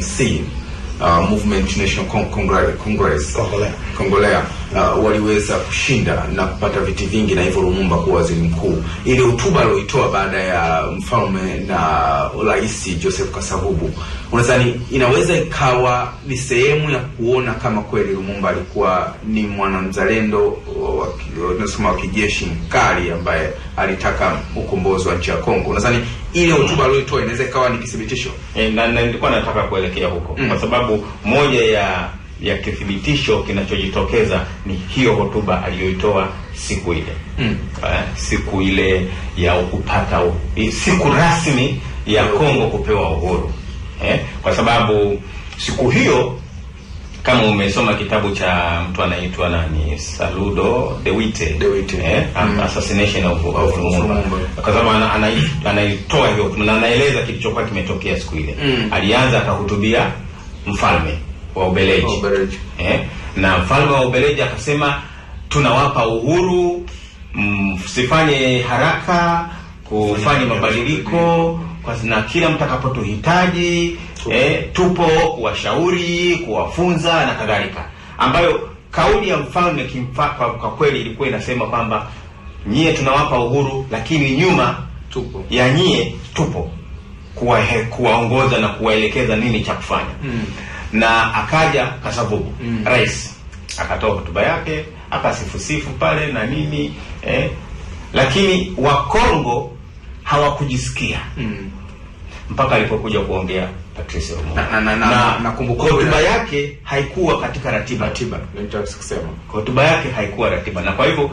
hamsini uh, Movement National Congress, Congress Kongolea, uh, waliweza kushinda na kupata viti vingi na hivyo Lumumba kuwa waziri mkuu. Ile hotuba aliyoitoa baada ya mfalme na rais Joseph Kasavubu, unadhani inaweza ikawa ni sehemu ya kuona kama kweli Lumumba alikuwa ni mwanamzalendo wa kijeshi mkali ambaye alitaka ukombozi wa nchi ya Kongo? Unadhani ile hotuba aliyoitoa inaweza ikawa ni kithibitisho e, na, na nilikuwa nataka kuelekea huko mm. kwa sababu moja ya ya kithibitisho kinachojitokeza ni hiyo hotuba aliyoitoa siku ile mm. eh, siku ile ya kupata siku rasmi ya mm. Kongo kupewa uhuru eh, kwa sababu siku hiyo kama umesoma kitabu cha mtu anaitwa nani Saludo De Witte, De Witte. Eh, ah, mm. Assassination of, of Lumumba kwa sababu anaitoa hiyo na anaeleza kilichokuwa kimetokea siku ile mm. alianza akahutubia mfalme wa Ubeleji eh, na mfalme wa Ubeleji akasema tunawapa uhuru msifanye mm, haraka kufanya mabadiliko mm. na kila mtakapotuhitaji Eh, eh, tupo kuwashauri, kuwafunza na kadhalika, ambayo kauli ya mfalme kimfa, kwa, kwa kweli ilikuwa inasema kwamba nyie tunawapa uhuru, lakini nyuma tupo ya nyie tupo kuwaongoza na kuwaelekeza nini cha kufanya mm. Na akaja Kasavubu mm. rais akatoa hotuba yake akasifusifu pale na nini eh, lakini Wakongo hawakujisikia mm. mpaka alipokuja kuongea Patrice Lumumba, na hotuba yake haikuwa katika ratiba ratiba, hotuba yake haikuwa ratiba, na kwa hivyo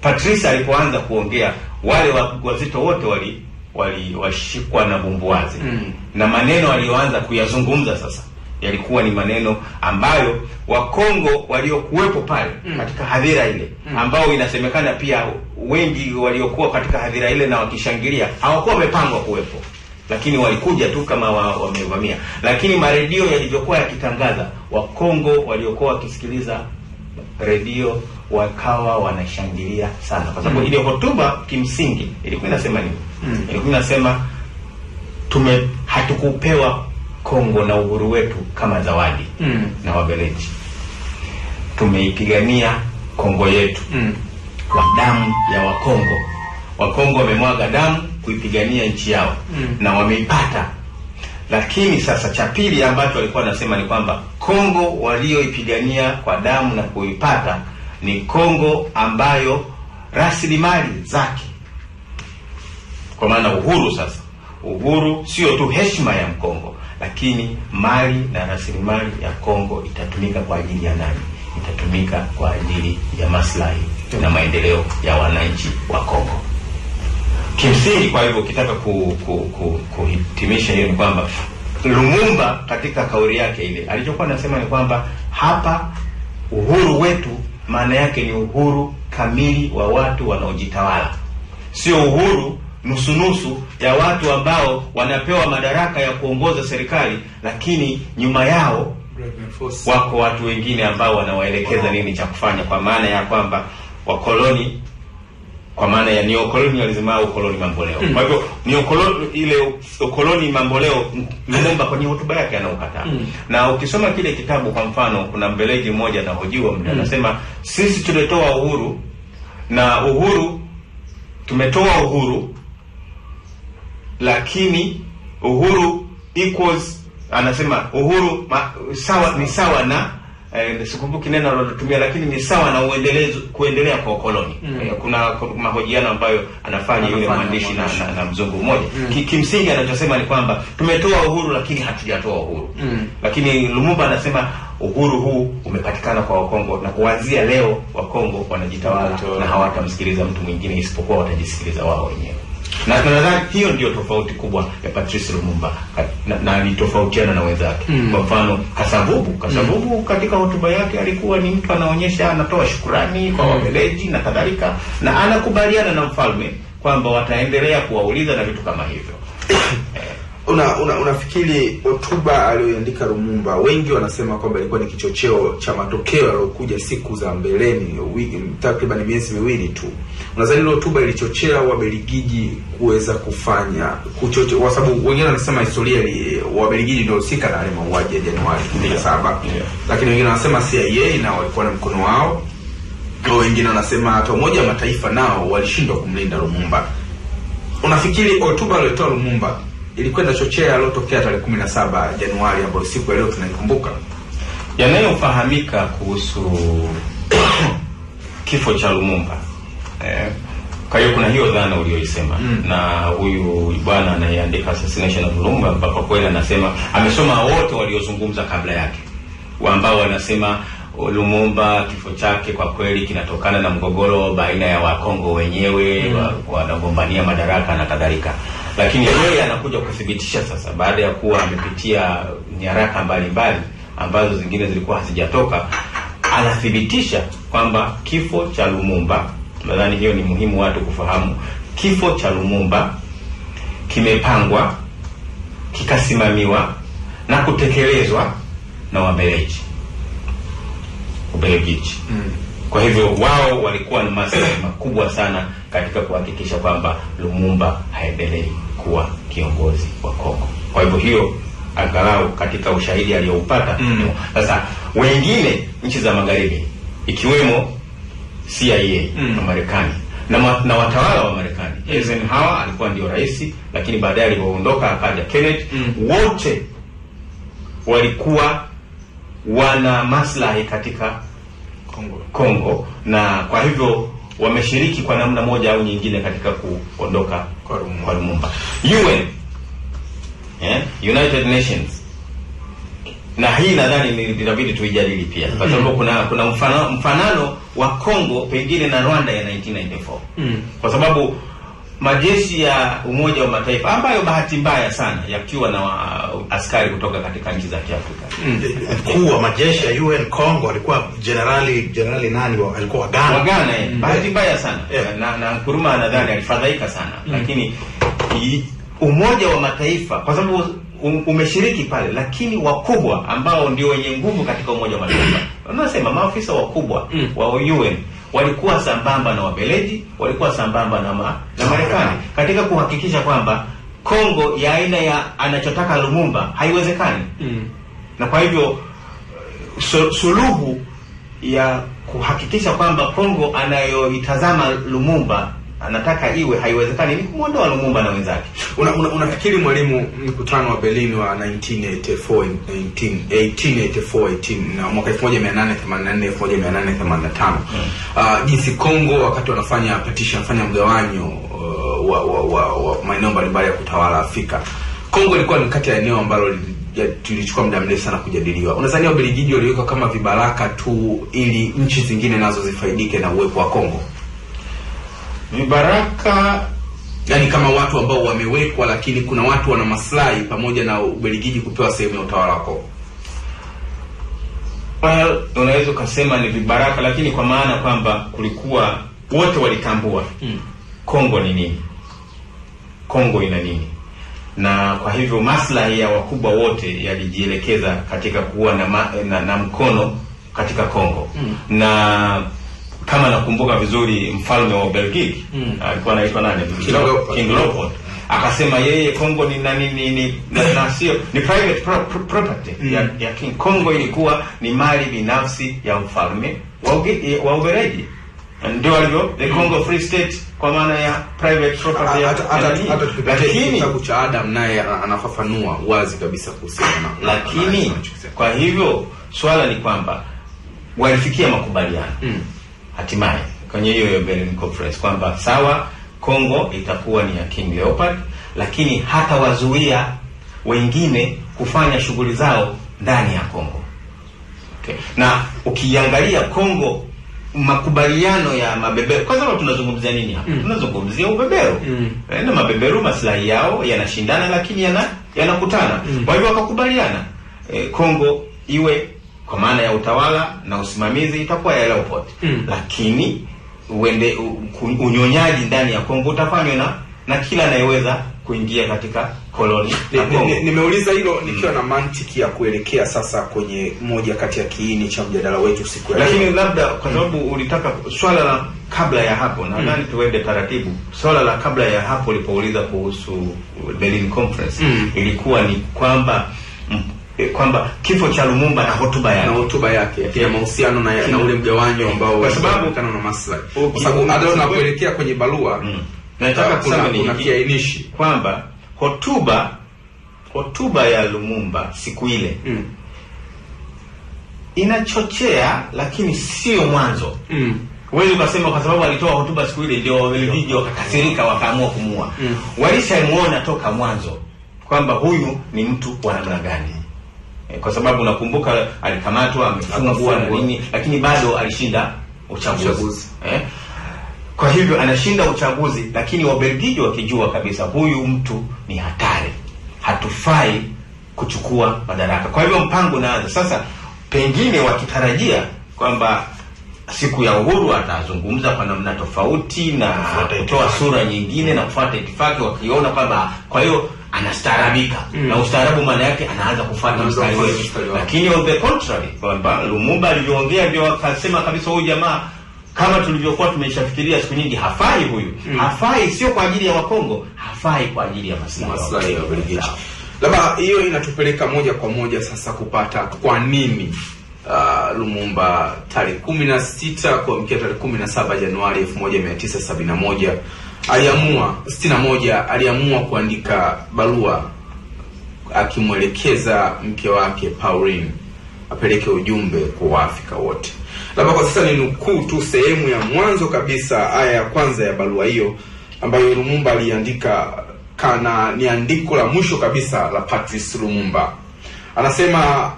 Patrice alipoanza kuongea wale wazito wote wali waliwashikwa na bumbuazi mm. na maneno aliyoanza kuyazungumza sasa yalikuwa ni maneno ambayo Wakongo waliokuwepo pale mm. katika hadhira ile mm. ambao inasemekana pia wengi waliokuwa katika hadhira ile na wakishangilia hawakuwa wamepangwa kuwepo lakini walikuja tu kama wamevamia wa, lakini maredio yalivyokuwa yakitangaza, Wakongo waliokuwa wakisikiliza redio wakawa wanashangilia sana, kwa sababu mm. ile hotuba kimsingi ilikuwa inasema nini? mm. ilikuwa inasema tume hatukupewa Kongo na uhuru wetu kama zawadi mm. na wabeleji, tumeipigania Kongo yetu mm. kwa damu ya Wakongo. Wakongo wamemwaga damu kuipigania nchi yao mm. na wameipata. Lakini sasa cha pili ambacho walikuwa wanasema ni kwamba Kongo walioipigania kwa damu na kuipata ni Kongo ambayo rasilimali zake, kwa maana uhuru sasa, uhuru sio tu heshima ya Mkongo, lakini mali na rasilimali ya Kongo itatumika kwa ajili ya nani? Itatumika kwa ajili ya maslahi na maendeleo ya wananchi wa Kongo. Kimsingi, kwa hivyo ukitaka ku, ku, ku, kuhitimisha hiyo ni kwamba Lumumba katika kauli yake ile alichokuwa anasema ni kwamba hapa uhuru wetu maana yake ni uhuru kamili wa watu wanaojitawala, sio uhuru nusunusu ya watu ambao wanapewa madaraka ya kuongoza serikali, lakini nyuma yao wako watu wengine ambao wanawaelekeza nini cha kufanya, kwa maana ya kwamba wakoloni kwa maana ya neocolonialism au ukoloni mamboleo. Kwa hmm. hivyo neocoloni ile ukoloni mamboleo Lumumba kwenye hotuba yake anaukataa. Mm. Na ukisoma kile kitabu kwa mfano kuna Mbeleji mmoja anahojiwa mtu hmm. anasema mm. sisi tulitoa uhuru na uhuru tumetoa uhuru lakini uhuru equals anasema uhuru ma, sawa ni sawa na eh, sikumbuki neno alilotumia, lakini ni sawa na uendelezo kuendelea kwa ukoloni mm. Eh, kuna mahojiano ambayo anafanya yule mwandishi na, na, na mzungu mmoja mm. Ki, kimsingi anachosema ni kwamba tumetoa uhuru lakini hatujatoa uhuru mm. Lakini Lumumba anasema uhuru huu umepatikana kwa Wakongo na kuanzia leo Wakongo wanajitawala na hawatamsikiliza mtu mwingine isipokuwa watajisikiliza wao wenyewe na nadhani hiyo ndio tofauti kubwa ya Patrice Lumumba na alitofautiana na wenzake mm. Kwa mfano Kasavubu, mm. Kasavubu mm. katika hotuba yake alikuwa ni mtu anaonyesha, anatoa shukurani kwa mm. wabeleji na kadhalika, na anakubaliana na mfalme kwamba wataendelea kuwauliza na vitu kama hivyo una, una, unafikiri hotuba aliyoandika Lumumba, wengi wanasema kwamba ilikuwa ni kichocheo cha matokeo yaliyokuja siku za mbeleni, takriban miezi miwili tu. Unadhani ile hotuba ilichochea Wabeligiji kuweza kufanya kuchoche, kwa sababu wengine wanasema historia ili Wabeligiji ndio husika na yale mauaji ya Januari 17 yeah. lakini wengine wanasema CIA na walikuwa na mkono wao, wengine wanasema hata Umoja wa Mataifa nao walishindwa kumlinda Lumumba. Unafikiri hotuba aliyotoa Lumumba ilikuwa inachochea yaliyotokea tarehe 17 Januari ambayo siku ya leo tunaikumbuka. Yanayofahamika kuhusu kifo cha Lumumba eh, kwa hiyo kuna hiyo dhana uliyoisema mm. na huyu bwana anayeandika assassination of Lumumba mpaka kweli anasema amesoma wote waliozungumza kabla yake ambao wanasema Lumumba kifo chake kwa kweli kinatokana na mgogoro baina ya Wakongo wenyewe mm. wanagombania madaraka na kadhalika lakini yeye anakuja kuthibitisha sasa baada ya kuwa amepitia nyaraka mbalimbali ambazo zingine zilikuwa hazijatoka, anathibitisha kwamba kifo cha Lumumba, nadhani hiyo ni muhimu watu kufahamu, kifo cha Lumumba kimepangwa kikasimamiwa na kutekelezwa na Wabeleji, Ubelgiji. Mm. Kwa hivyo wao walikuwa na maslahi makubwa sana katika kuhakikisha kwamba Lumumba haendelei kuwa kiongozi wa Kongo. Kwa hivyo hiyo angalau katika ushahidi aliyoupata mm. sasa. Mm. Wengine nchi za magharibi ikiwemo CIA mm. na Marekani na, ma, na watawala wa Marekani mm. Eisenhower alikuwa ndio rais, lakini baadaye alipoondoka akaja Kennedy mm. wote walikuwa wana maslahi katika Kongo, Kongo na kwa hivyo wameshiriki kwa namna moja au nyingine katika kuondoka kwa Lumumba. UN, yeah, United Nations na hii nadhani inabidi tuijadili pia kwa sababu kuna kuna mfanano, mfanano wa Kongo pengine na Rwanda ya 1994 mm. kwa sababu majeshi ya Umoja wa Mataifa ambayo bahati mbaya sana yakiwa na wa, uh, askari kutoka katika nchi za Kiafrika. Hmm. Mkuu wa majeshi ya UN Congo alikuwa generali generali nani wa, alikuwa wa Ghana. Wa Ghana mm. bahati mbaya sana yeah. na, na Nkuruma nadhani hmm. alifadhaika sana mm. lakini i, Umoja wa Mataifa kwa sababu umeshiriki pale, lakini wakubwa ambao ndio wenye nguvu katika Umoja wa Mataifa wanasema maafisa wakubwa mm. wa UN walikuwa sambamba na Wabeleji, walikuwa sambamba na, ma, na Marekani katika kuhakikisha kwamba Kongo ya aina ya anachotaka Lumumba haiwezekani mm. na kwa hivyo su, suluhu ya kuhakikisha kwamba Kongo anayoitazama Lumumba anataka iwe haiwezekani, ni kumwondoa Lumumba na wenzake. Unafikiri una, una mwalimu, mkutano wa Berlin wa 1984 na mwaka 1884 1885 uh, jinsi Kongo wakati wanafanya petition, wanafanya mgawanyo uh, wa, wa, wa, wa maeneo mbalimbali ya kutawala Afrika, Kongo ilikuwa ni kati ya eneo ambalo tulichukua muda mrefu sana kujadiliwa. Unadhani Ubelgiji waliweka kama vibaraka tu ili nchi zingine nazo zifaidike na uwepo wa Kongo? mbaraka yani kama watu ambao wamewekwa, lakini kuna watu wana maslahi pamoja na ubeligiji kupewa sehemu ya utawala wa Kongo. Well, unaweza ukasema ni vibaraka, lakini kwa maana kwamba kulikuwa wote walitambua hmm. Kongo ni nini, Kongo ina nini, na kwa hivyo maslahi ya wakubwa wote yalijielekeza katika kuwa na, ma, na, na mkono katika Kongo hmm. na kama nakumbuka vizuri, mfalme wa Ubelgiji mm. alikuwa anaitwa nani, King Leopold akasema yeye Kongo ni nani ni, ni, na sio ni private pro, pro, property mm. ya, hmm. ya King. Kongo ilikuwa ni mali binafsi ya mfalme wa wa Ubelgiji ndio alivyo the hmm. Congo Free State kwa maana ya private property ya lakini kitabu cha Adam naye anafafanua wazi kabisa kuhusiana lakini kwa hivyo swala ni kwamba walifikia makubaliano mm hatimaye kwenye hiyo Berlin Conference kwamba sawa, Kongo itakuwa ni ya King Leopard, lakini wazuia wengine kufanya shughuli zao ndani ya Kongo. Okay. Na ukiangalia Kongo makubaliano ya mabeberu sababu tunazungumzia nini hapa? Mm. Tunazungumzia ubeberu mm. Eh, na mabeberu maslahi yao yanashindana, lakini yana yanakutana. Mm. Kwa hivyo wakakubaliana e, Kongo iwe kwa maana ya utawala na usimamizi itakuwa ya Leopold mm. Lakini uende unyonyaji ndani ya Kongo utafanywa na na kila anayeweza kuingia katika koloni. Nimeuliza ni, ni hilo hmm. nikiwa mm. na mantiki ya kuelekea sasa kwenye moja kati ya kiini cha mjadala wetu siku ya lakini lakini labda kwa hmm. sababu mm. ulitaka swala la kabla ya hapo hmm. nadhani mm. tuende taratibu. Swala la kabla ya hapo ulipouliza kuhusu Berlin Conference mm. ilikuwa ni kwamba e, kwamba kifo cha Lumumba na hotuba yake na hotuba yake ya yeah. mahusiano na, kina, na ule mgawanyo ambao kwa sababu kana na maslahi kwa sababu ndio unapoelekea kwenye barua mm, nataka kusema ni kiainishi kwamba hotuba hotuba ya Lumumba siku ile mm, inachochea lakini sio mwanzo mm. Wewe ukasema kwa sababu alitoa hotuba siku ile ndio Wabelgiji wakakasirika mm. wakaamua kumua Mm. Walishamuona toka mwanzo kwamba huyu ni mtu wa namna gani. Eh, kwa sababu nakumbuka alikamatwa amefungwa na nini, lakini bado alishinda uchaguzi, uchaguzi. E? Kwa hivyo anashinda uchaguzi, lakini Wabelgiji wakijua kabisa huyu mtu ni hatari, hatufai kuchukua madaraka. Kwa hivyo mpango unaanza sasa, pengine wakitarajia kwamba siku ya uhuru atazungumza kwa namna tofauti na kutoa sura nyingine na kufuata itifaki, wakiona kwamba kwa hiyo anastaarabika mm. na ustaarabu maana yake anaanza kufuata mstari wetu, lakini on the contrary kwamba Lumumba alivyoongea ndio akasema kabisa, huyu jamaa kama tulivyokuwa tumeshafikiria siku nyingi, hafai huyu mm. hafai, sio kwa ajili ya Wakongo, hafai kwa ajili ya maslahi ya Labda hiyo inatupeleka moja kwa moja sasa kupata kwa nini Uh, Lumumba tarehe kumi na sita kuamkia tarehe kumi na saba Januari elfu moja mia tisa sabini na moja aliamua sitini na moja aliamua kuandika barua akimwelekeza mke wake paulin apeleke ujumbe kwa Waafrika wote. Labda kwa sasa ni nukuu tu sehemu ya mwanzo kabisa, aya ya kwanza ya barua hiyo ambayo Lumumba aliandika, kana ni andiko la mwisho kabisa la Patrice Lumumba. Anasema,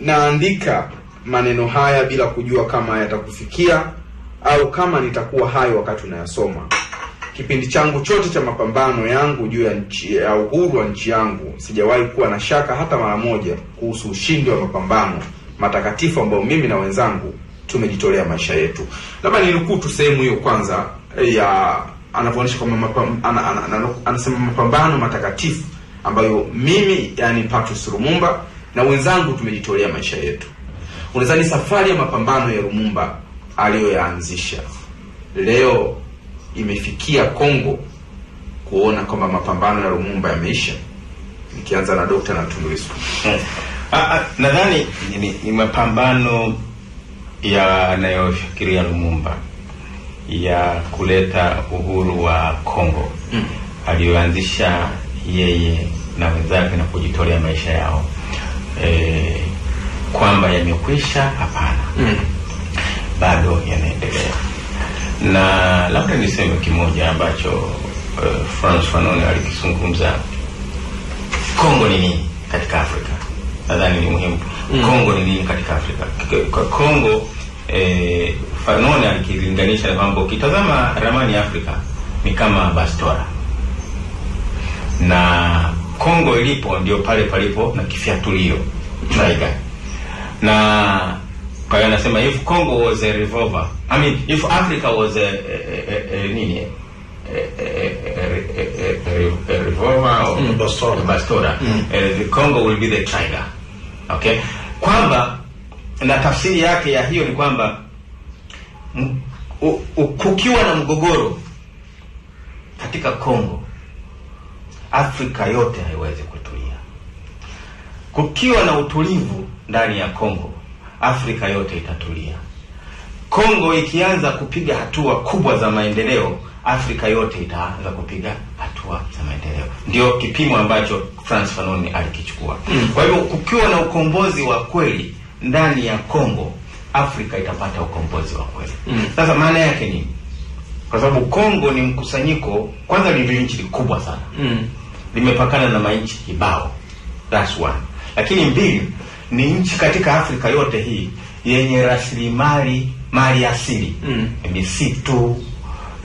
naandika maneno haya bila kujua kama yatakufikia au kama nitakuwa hayo wakati unayasoma. Kipindi changu chote cha mapambano yangu juu ya nchi ya uhuru wa nchi yangu, sijawahi kuwa na shaka hata mara moja kuhusu ushindi wa mapambano matakatifu ambayo mimi na wenzangu tumejitolea maisha yetu. Labda ninukuu tu sehemu hiyo kwanza eh, ya anavyoonyesha kwamba mapam, ana, ana, ana, ana, anasema mapambano matakatifu ambayo mimi yani Patrice Lumumba na wenzangu tumejitolea maisha yetu. Unadhani safari ya mapambano ya Lumumba aliyoyaanzisha leo imefikia Kongo kuona kwamba mapambano ya Lumumba yameisha, nikianza na Dokta na Tundu Lissu. Eh. Ah, ah, nadhani ni, ni mapambano yanayofikiria Lumumba ya kuleta uhuru wa Kongo mm. aliyoanzisha yeye na wenzake na kujitolea maisha yao e, kwamba yamekwisha? Hapana mm. bado yanaendelea na labda niseme kimoja ambacho uh, eh, Frantz Fanon alikizungumza. Kongo ni nini katika Afrika? Nadhani ni muhimu mm. Kongo ni nini katika Afrika? Kwa Kongo eh, Fanon alikilinganisha na kwamba ukitazama ramani ya Afrika ni kama bastora na Kongo ilipo ndio pale palipo na kifyatulio traiga na kwa hiyo anasema if Congo was a revolver, I mean if Africa was a, a, a, a nini revolver or mm. bastora, bastora mm. eh, the Congo will be the trigger. Okay, kwamba na tafsiri yake ya hiyo ni kwamba kukiwa na mgogoro katika Congo, Afrika yote haiwezi kutulia. Kukiwa na utulivu ndani ya Congo Afrika yote itatulia. Kongo ikianza kupiga hatua kubwa za maendeleo, Afrika yote itaanza kupiga hatua za maendeleo. Ndio kipimo ambacho Frantz Fanon alikichukua. Hmm. Kwa hivyo kukiwa na ukombozi wa kweli ndani ya Kongo, Afrika itapata ukombozi wa kweli. Hmm. Sasa maana yake nini? Kwa sababu Kongo ni mkusanyiko, kwanza ni nchi kubwa sana, hmm. limepakana na manchi kibao, that's one. Lakini mbili ni nchi katika Afrika yote hii yenye rasilimali mali asili mm. misitu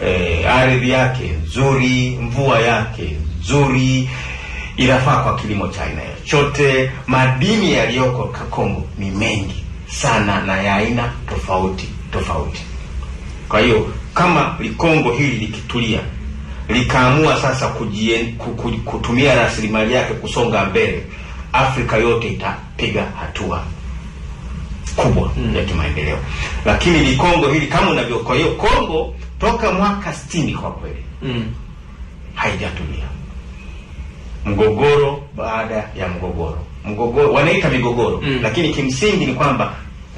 e, ardhi yake nzuri, mvua yake nzuri, inafaa kwa kilimo cha aina yochote. Madini yaliyoko kakongo ni mengi sana na ya aina tofauti tofauti. Kwa hiyo kama likongo hili likitulia likaamua sasa kujien, kutumia rasilimali yake kusonga mbele Afrika yote itapiga hatua kubwa mm. ya kimaendeleo, lakini ni Kongo hili kama unavyo. Kwa hiyo Kongo toka mwaka sitini kwa kweli mm. haijatumia mgogoro baada ya mgogoro mgogoro wanaita migogoro mm. lakini kimsingi ni kwamba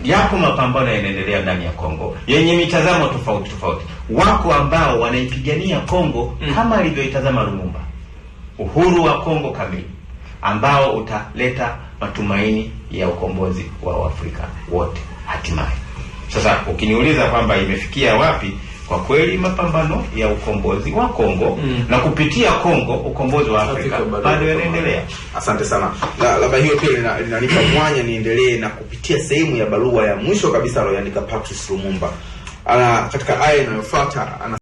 yapo mapambano yanaendelea ndani ya Kongo yenye mitazamo tofauti tofauti. Wako ambao wanaipigania Kongo mm. kama alivyoitazama Lumumba, uhuru wa Kongo kamili ambao utaleta matumaini ya ukombozi wa Afrika wote hatimaye. Sasa ukiniuliza kwamba imefikia wapi, kwa kweli mapambano ya ukombozi wa Kongo mm. na kupitia Kongo ukombozi wa Afrika bado yanaendelea. Asante sana, labda hiyo pia linanipa mwanya niendelee na kupitia sehemu ya barua ya mwisho kabisa aliyoandika Patrice Lumumba. Ana katika aya inayofuata ana